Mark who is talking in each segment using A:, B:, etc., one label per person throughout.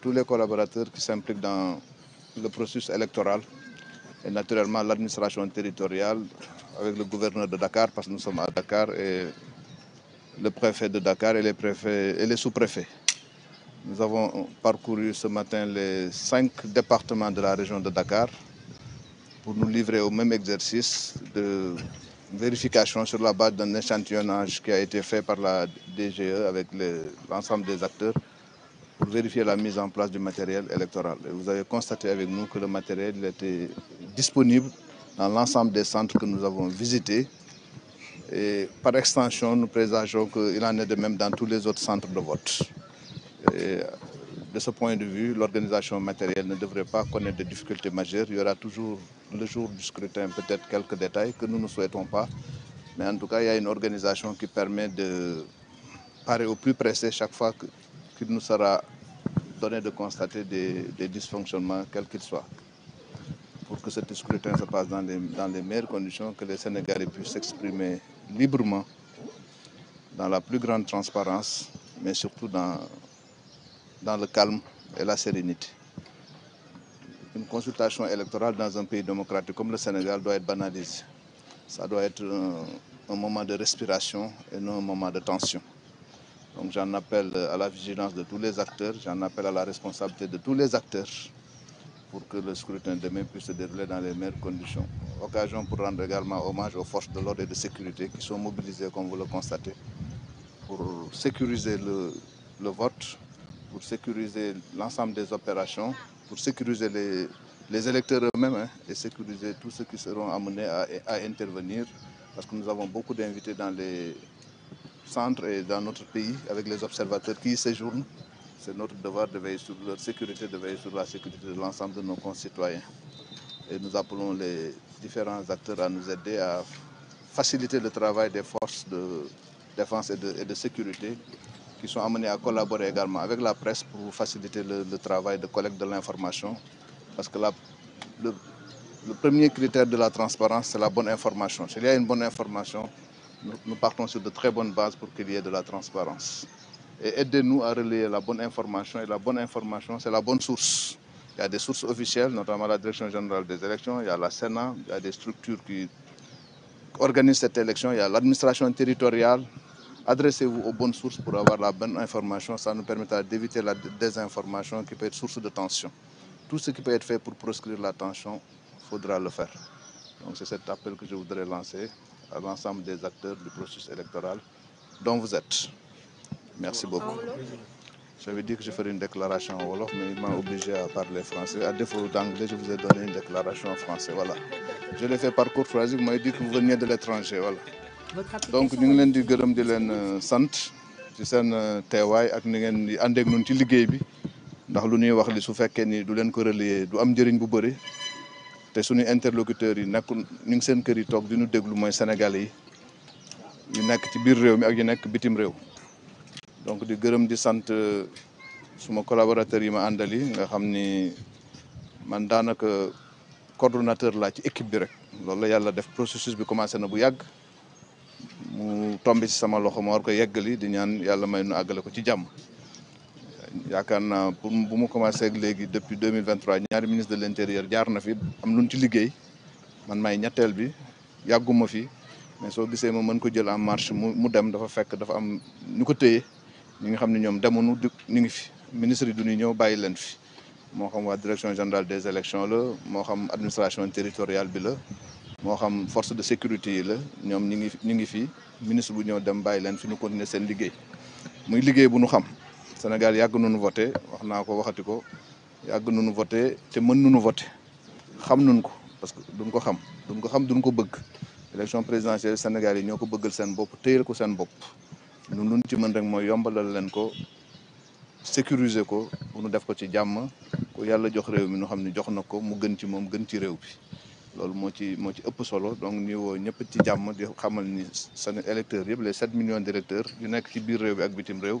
A: tous les collaborateurs qui s'impliquent dans le processus électoral et naturellement l'administration territoriale avec le gouverneur de Dakar parce que nous sommes à Dakar et le préfet de Dakar et les et les sous-préfets. Nous avons parcouru ce matin les cinq départements de la région de Dakar pour nous livrer au même exercice de vérification sur la base d'un échantillonnage qui a été fait par la DGE avec l'ensemble des acteurs pour vérifier la mise en place du matériel électoral. vous avez constaté avec nous que le matériel était disponible dans l'ensemble des centres que nous avons visités. Et par extension, nous présageons qu'il en est de même dans tous les autres centres de vote. de ce point de vue, l'organisation matérielle ne devrait pas connaître de difficultés majeures. Il y aura toujours le jour du scrutin peut-être quelques détails que nous ne souhaitons pas. Mais en tout cas, il y a une organisation qui permet de parer au plus pressé chaque fois qu'il nous sera de constater des, dysfonctionnements, quels qu'ils soient, pour que ce scrutin se passe dans les, meilleures conditions, que les Sénégalais puissent s'exprimer librement, dans la plus grande transparence, mais surtout dans, dans le calme et la sérénité. Une consultation électorale dans un pays démocratique comme le Sénégal doit être banalisée. Ça doit être un moment de respiration et non un moment de tension. Donc j'en appelle à la vigilance de tous les acteurs, j'en appelle à la responsabilité de tous les acteurs pour que le scrutin demain puisse se dérouler dans les meilleures conditions. Occasion pour rendre également hommage aux forces de l'ordre et de sécurité qui sont mobilisées, comme vous le constatez, pour sécuriser le, vote, pour sécuriser l'ensemble des opérations, pour sécuriser les, électeurs eux-mêmes hein, et sécuriser tous ceux qui seront amenés à intervenir, parce que nous avons beaucoup d'invités dans les centre et dans notre pays avec les observateurs qui y séjournent. C'est notre devoir de veiller sur leur sécurité, de veiller sur la sécurité de l'ensemble de nos concitoyens. Et nous appelons les différents acteurs à nous aider à faciliter le travail des forces de défense et de, sécurité qui sont amenées à collaborer également avec la presse pour faciliter le, travail de collecte de l'information. Parce que le premier critère de la transparence, c'est la bonne information. S'il y a une bonne information, nous, partons sur de très bonnes bases pour qu'il y ait de la transparence. Et aidez-nous à relayer la bonne information. Et la bonne information, c'est la bonne source. Il y a des sources officielles, notamment la Direction générale des élections, il y a la Sénat, il y a des structures qui organisent cette élection, il y a l'administration territoriale. Adressez-vous aux bonnes sources pour avoir la bonne information. Ça nous permettra d'éviter la désinformation qui peut être source de tension. Tout ce qui peut être fait pour proscrire la tension, il faudra le faire. Donc c'est cet appel que je voudrais lancer à l'ensemble des acteurs du processus électoral dont vous êtes. Merci beaucoup. J'avais dit que je ferais une déclaration en Wolof, mais il m'a obligé à parler français. À défaut d'anglais, je vous ai donné une déclaration en français. Voilà. Je l'ai fait par courtoisie, vous dit que vous veniez de l'étranger. donc nous té suñu interlocuteur yi nak ñu ngi seen kër yi tok di ñu déglu moy sénégalais yi yu nak ci biir réew mi ak yu nak bitim réew donc di gërëm di sante euh, suma collaborateur yi ma andali nga xamni man danaka coordinateur la ci équipe bi rek loolu la yàlla def processus bi commencé na bu yàgg mu tombé ci sama loxo ma war ko yeggali di ñaan yàlla may nu àggale ko ci jàmm yaakaar naa pour bu mu commencé ak léegi depuis 2023 mille ñaari ministre de l' intérieur jaar na fi am lu ci liggéey man may ñetteel bi yàgguma fi mais soo gisee ma mën ko jël en marche mu mu dem dafa fekk dafa am ñu ko téye ñi nga xam ne ñoom demuñu ñu ngi fi ministre yi du ñu ñëw bàyyi leen fi moo xam waa direction générale des élections la moo xam administration territoriale bi la moo xam force de sécurité yi la ñoom ñi ngi ñu ngi fi ministre bu ñëw dem bàyyi leen fi ñu continuer seen liggéey muy liggéey bu ñu xam. Sénégal yàgg nañu voté wax naa ko waxati ko yàgg nañu voté te mën nañu voté xam nañu ko parce que duñ ko xam duñ ko xam duñ ko bëgg élection présidentielle Sénégal yi ñoo ko bëggal seen bopp téyal ko seen bopp ñun luñ ci mën rek mooy yombalal leen ko sécuriser ko nu def ko ci jàmm ku yàlla jox réew mi nu xam ne jox na ko mu gën ci moom gën ci réew bi loolu moo ci moo ci ëpp solo donc ñu woo ñëpp ci jàmm di xamal ni seen électeurs yëpp les sept millions directeurs yu nekk ci biir bi ak bitim réew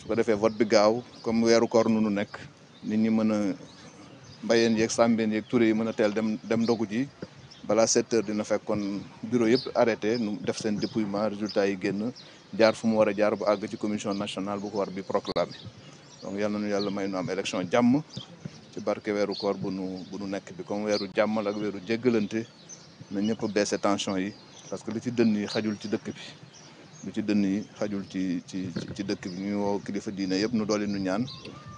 A: su ko defee vote bi gaaw comme weeru koor nu nu nekk nit ñi mën a mbayeen yeeg sàmbeen yeeg turé yi mën a teel dem dem ndogu ji balaa sept heures dina fekkoon bureau yëpp arrêté nu def seen dépouillement résultat yi génn jaar fu mu war a jaar bu àgg ci commission national bu ko war bi proclamé donc yal nu yàlla may nu am élection jàmm ci barke weeru koor bu nu bu nu nekk bi comme weeru jàmm la ak weeru jéggalante na ñëpp baissé tension yi parce que li ci dënn yi xajul ci dëkk bi lu ci dënn yi xajul ci ci ci dëkk bi ñuy woo kilifa diine yëpp nu doli nu ñaan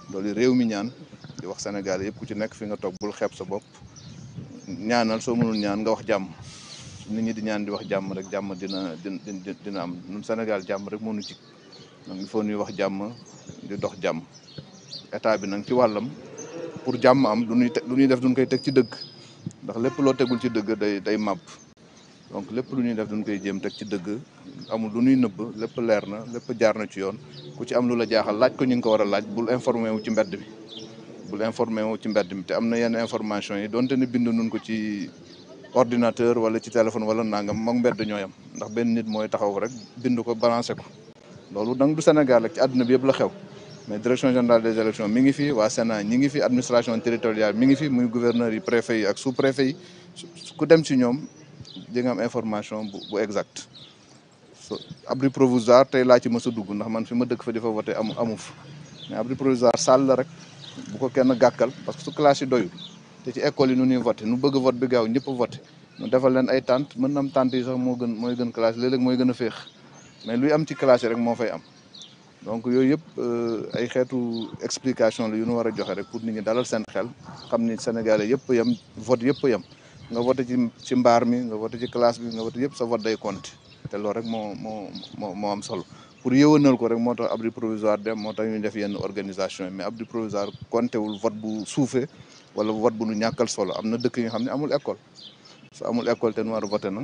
A: doli réew mi ñaan di wax sénégal yëpp ku ci nekk fi nga toog bul xeeb sa bopp ñaanal soo mënul ñaan nga wax jàmm nit ñi di ñaan di wax jàmm rek jàmm dina dina dina am nun sénégal jàmm rek mënu ci donc il faut ñuy wax jàmm di dox jàmm état bi nag ci wàllam pour jàmm am lu ñuy lu ñuy def duñ koy teg ci dëgg ndax lépp loo tegul ci dëgg day day mab donc lépp lu ñuy def dañ koy jéem teg ci dëgg amul lu nuy nëbb lépp leer na lépp jaar na ci yoon ku ci am lu la jaaxal laaj ko ñu ngi ko war a laaj bul informé wu ci mbedd bi informé wu ci mbedd bi te am na yenn information yi donte ne bind nun ko ci ordinateur wala ci téléphone wala nangam moog mbedd ñooy am ndax benn nit mooy taxaw rek bind ko balancé ko loolu nag du Sénégal rek ci àdduna bi yëpp la xew mais direction générale des élections mi ngi fi waa Sénat ñi ngi fi administration territoriale mi ngi fi muy gouverneur yi préfet yi ak sous préfet yi ku dem ci ñoom di am information bu bu exact so abri provisoire tey laa ci mës a dugg ndax man fi ma dëkk fa di fa voté amu amu fa mais abri provisoire salle rek bu ko kenn gàkkal parce que su classe yi doyul te ci école yi nu ñuy voté nu bëgg vote bi gaaw ñëpp vote nu defal leen ay tente mën na am yi sax moo gën mooy gën classe léeg-léeg mooy gën a feex mais luy am ci classe yi rek moo fay am donc yooyu yëpp euh, ay xeetu explication la yu nu war a joxe rek pour nit ñi dalal seen xel xam ni Sénégalais yëpp yem vote yëpp yem nga voté ci ci mbaar mi nga voté ci classe bi nga voté yëpp sa vote day conté te loolu rek moo moo moo moo am solo pour yëwanal ko rek moo tax abri provisoire dem moo tax ñu def yenn organisation yi mais abri provisoire compté wul vote bu suufee wala vote bu nu ñàkkal solo am na dëkk yi nga xam ne amul école su amul école te noir voté na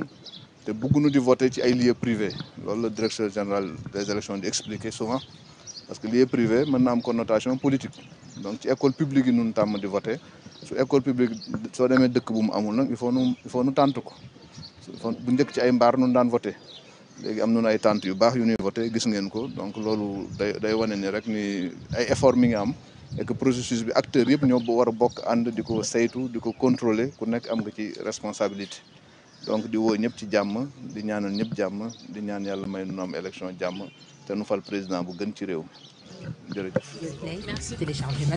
A: te bugg nu di voté ci ay lieux privés loolu la directeur général des élections di expliquer souvent parce que lieu privé mën na am connotation politique donc ci école publique yi nun tàmm voté su école publique soo demee dëkk bu mu amul nag il faut nu il nu tànt ko bu njëkk ci ay mbaar nun daan voté léegi am nañu ay tànt yu baax yu ñuy voté gis ngeen ko donc loolu day day wane ni rek ni ay effort mi ngi am et que processus bi acteurs yëpp ñoo war a bokk ànd di ko saytu di ko contrôler ku nekk am nga ci responsabilité donc di woo ñëpp ci jàmm di ñaanal ñëpp jàmm di ñaan yàlla may nu am élection jàmm te nu fal président bu gën ci réew mi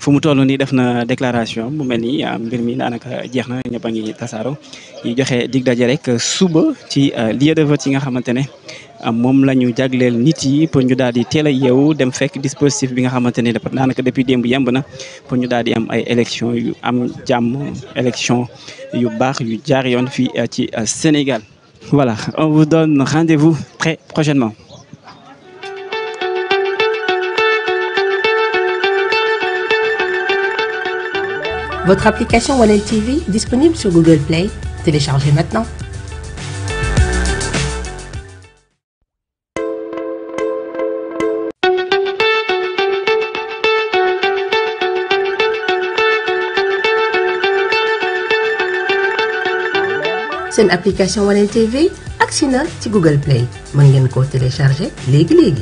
A: fu mu toll nii def na déclaration mu mel ni ah, mbir mi daanaka jeex na ñëpp a ngi tasaaro ñu joxe dig daje rek suba ci ah, lieu de vote yi nga xamante ne ah, moom la ñu jagleel nit yi pour ñu daal di teel a yeewu dem fekk dispositif bi nga xamante ne dafa daanaka depuis démb yemb na pour ñu daal di am ay élection yu am jàmm élection yu baax yu jaar yoon fii ci Sénégal. Voilà, on vous donne rendez-vous très prochainement. Votre application OneLTV TV disponible sur Google Play. Téléchargez maintenant. C'est une application OneLTV. TV ak Google Play Je vais télécharger Lig Lig.